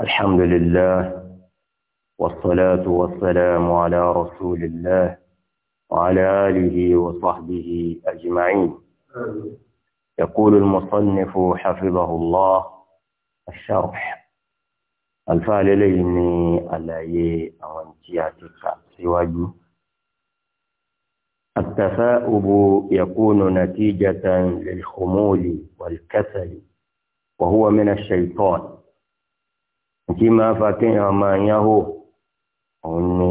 الحمد لله والصلاة والسلام على رسول الله وعلى آله وصحبه أجمعين يقول المصنف حفظه الله الشرح الفعل ليني على أوانتياتك سواجه التثاؤب يكون نتيجة للخمول والكسل وهو من الشيطان ntí máa fa kéèyàn máa yáwó òun ni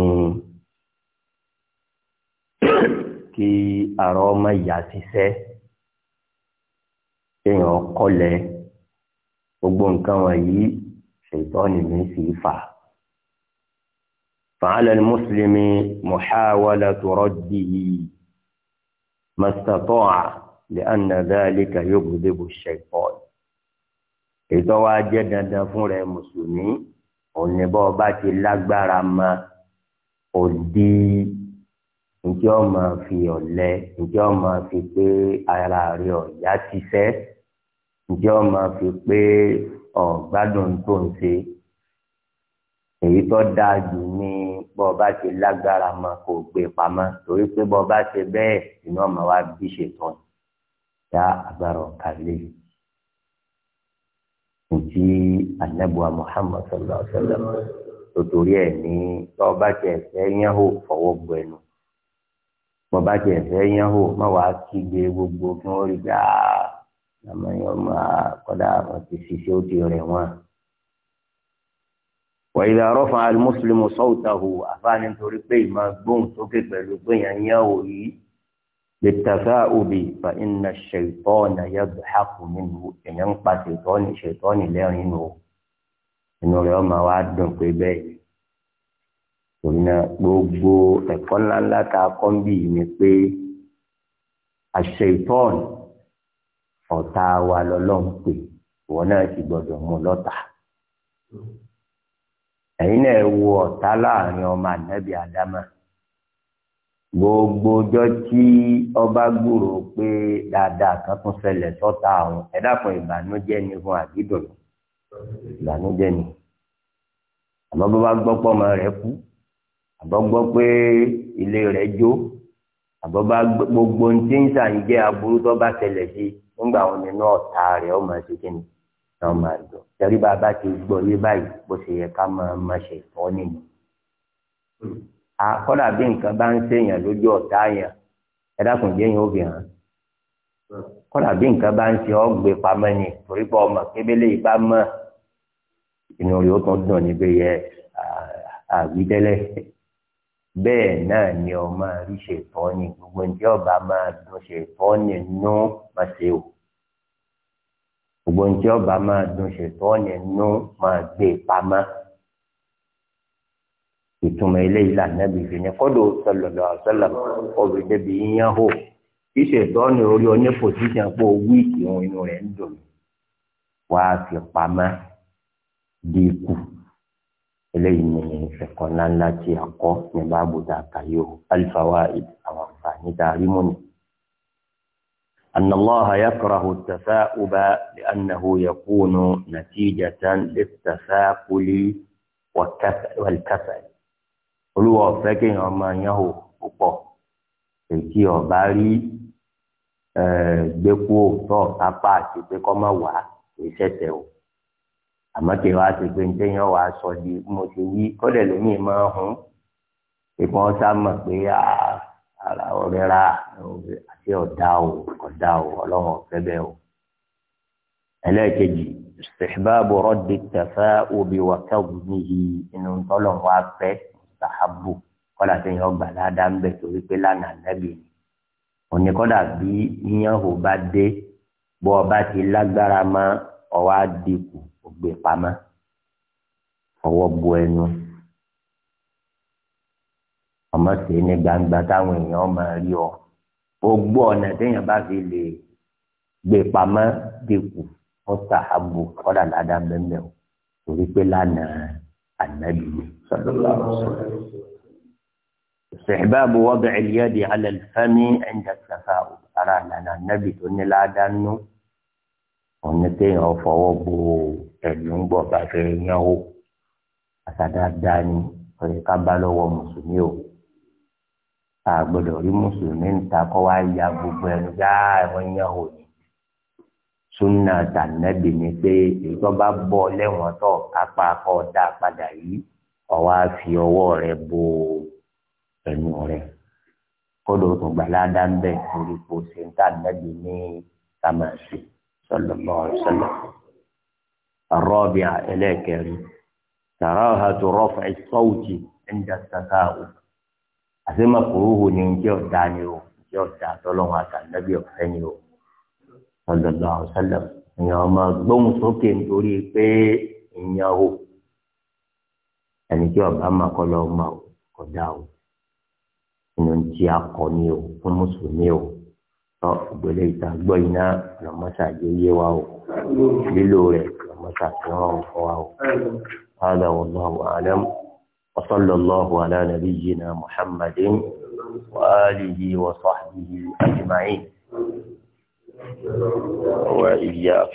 kí àrọ ọmọ ìyá ṣiṣẹ́ kéèyàn kọ́lẹ̀ gbogbo nǹkan wọ̀nyí ṣètọ́ni mi sì fà. فعلى المسلم محاولة رده ما استطاع لأن ذلك يغضب الشيطان ètò wa jẹ́ dandan fún rẹ mùsùlùmí ònìbọ̀ bá ti lágbára ma òdi njẹ́ ọ máa fi ọ̀lẹ njẹ́ ọ máa fi pé ara rẹ ọ̀yá ti fẹ́ njẹ́ ọ máa fi pé ọ̀gbádùn tó ń ṣe èyí tó dáa jù ní bọ́ ọba ti lágbára ma kò gbé pamọ́ torí pé bọ́ ọba ṣe bẹ́ẹ̀ inú ọmọ wa bí ṣètò ya agbára ọ̀ka lè yìí ntí anabuwa muhammad sallallahu alaihi wa sallam totori ẹ ní tọba tí ẹ fẹ́ yẹn hó fọwọ́ gbọ ẹnu bọba tí ẹ fẹ́ yẹn hó má wàá kígbe gbogbo kí wọn rí gbà á àmọ́ yẹn máa kọdà wọn ti ṣiṣẹ́ ó ti rẹ wọn. وإذا رفع المسلم صوته àfáàní torí pé ìmọ̀ gbóhùn sókè pẹ̀lú pé yẹn yẹn hó yìí. بالتثاؤب فإن الشيطان يضحك منه èèyàn ń pa ṣètọ́ni ṣètọ́ni lẹ́rìn nù inú rẹ̀ ọmọ wa dùn pé bẹ́ẹ̀ torí náà gbogbo ẹ̀kọ́ ńláńlá tá a kọ́ ń bì ní pé àṣetọ́ọ̀nù ọ̀tá wa lọ́lọ́run pè wọ́n náà sì gbọ́dọ̀ mú lọ́tà ẹ̀yin náà wo ọ̀tá láàrin ọmọ ànábì àdámà gbogbo ọjọ́ tí ọba gbúrò pé dáadáa kan tún ṣẹlẹ̀ sọ́ta àwọn ẹ̀dá kan ìbànújẹ́ ni fún àdídùn ìbànújẹ́ ni àmọ́ bó bá gbọ́ pé ọmọ rẹ̀ kú àbọ̀ gbọ́ pé ilé rẹ̀ jó àbọ̀ bá gbogbo ohun tí ń ṣàǹjẹ́ aburú tó bá ṣẹlẹ̀ sí nígbà wọn ni náà ta rẹ̀ ọmọ ṣe kí ni náà máa jọ bá ti gbọ́ yé báyìí bó ṣe yẹ ká máa máa ṣe ìfọ́ nìyí àkọ́dà bí nǹkan bá ń ṣèyàn lójú ọ̀tá yẹn ẹ dákun jẹ́ yín obìnrin kọ́dà bí nǹkan bá ń ṣe ọ́ gbé pamọ́ ni torí pé ọmọ kébélé yìí bá mọ̀ inú rẹ̀ ó tún dùn níbi yẹ àwídẹ́lẹ̀ bẹ́ẹ̀ náà ni ọmọ rí ṣètọ́ ni gbogbo ǹjẹ́ ọba máa dùn ṣètọ́ ni nú máa ṣe o gbogbo ǹjẹ́ ọba máa dùn ṣètọ́ ni nú máa gbé pamọ́ ìtumọ̀ eléyìí lànàbí fi ni kọ́dọ̀ sọlọ̀lọ̀ àṣọlọ̀ ọ̀rọ̀ débi yíyan hò ṣíṣe ìtọ́ni orí ọ ní pòsíṣàn pé wíìkì ohun inú rẹ̀ ń dùn wàá fi pamọ́ di ikú eléyìí ni ẹ̀kọ́ ńláńlá tí a kọ́ ní báàbò tá a kà yóò àwọn àǹfààní tá a rí mú ni. أن الله يكره التثاؤب لأنه يكون نتيجة للتثاقل والكسل olúwa ọ̀fẹ́ kéèyàn ọmọ yẹn hò púpọ̀ èyí ọ̀bá rí gbẹ́kú òótọ́ sápá àti pé kọ́ má wà kì í ṣẹ̀ṣẹ̀ o àmọ́ kí wàá ti pé ntẹ́yìn wàá sọ di mo ti wí kọ́dẹ̀ lómi máa hun ìpọ́n sá pé ara ọ̀rẹ́ ra àti ọ̀dà o ọ̀dà o ọlọ́run ọ̀fẹ́ bẹ́ẹ̀ o ẹlẹ́ẹ̀kejì istihbab radd at-tafa'ub wa kadhmihi inú tọ́lọ̀ wá fẹ́ẹ́. Sahabu, kọ́dà tí yẹn ọgbà ládàá ń bẹ̀ torí pé lánàá nẹ́bì ni òní kọ́dà bí yíyan ò bá dé bọ́ ọba ti lágbára mọ́ ọwọ́ àdìkù ògbé pamọ́ ọwọ́ bu ẹnu ọmọ sí ní gbangba táwọn èèyàn máa rí ọ gbogbo ọ̀nà téèyàn bá fi lè gbé pamọ́ dìkù mustahabu kọ́dà ládàá bẹ́ẹ̀ mẹ́wọ̀ torí pé lánàá. النبي صلى الله عليه وسلم استحباب وضع اليد على الفم عند التفاؤل أرى لنا النبي تقول لا دانو ونتين وفوابو ẹ̀dùn bọ̀ bàtẹ́ yánwó àtàdáadáa ni ọ̀rẹ́ ká bá lọ́wọ́ mùsùlùmí o a gbọ́dọ̀ rí mùsùlùmí ń ta kọ́ wá ya gbogbo ẹnu dáa ẹ̀wọ̀n yánwó ni súnà tànàbì ni pé ètò bá bọ́ lẹ́wọ̀n tó apá kọ́ dá padà yìí ọwọ́ á fi ọwọ́ rẹ bo ẹnu rẹ kódò tó gbàládà ń bẹ̀ torí kò ṣe ń tànàbì ní kàmáṣe sallallahu alaihi wasallam. الرابعة إليكاري كراهة رفع الصوت عند التساؤل أسمى قروه ننجي الداني ننجي الداني تلوها كالنبي الحنيو sọlọlọ àwòsàlẹ èèyàn máa gbóhùn sókè nítorí pé èèyàn o ẹni tí ọba máa kọ lọ máa kọjá o inú tí a kọ ni o fún mùsùlùmí o tọ ìgbélé ìta gbọ́ iná lọmọṣà yé yé wa o lílo rẹ̀ lọmọṣà tó ràn fún wa o. هذا والله أعلم وصلى الله على نبينا محمد وآله وصحبه أجمعين وإياكم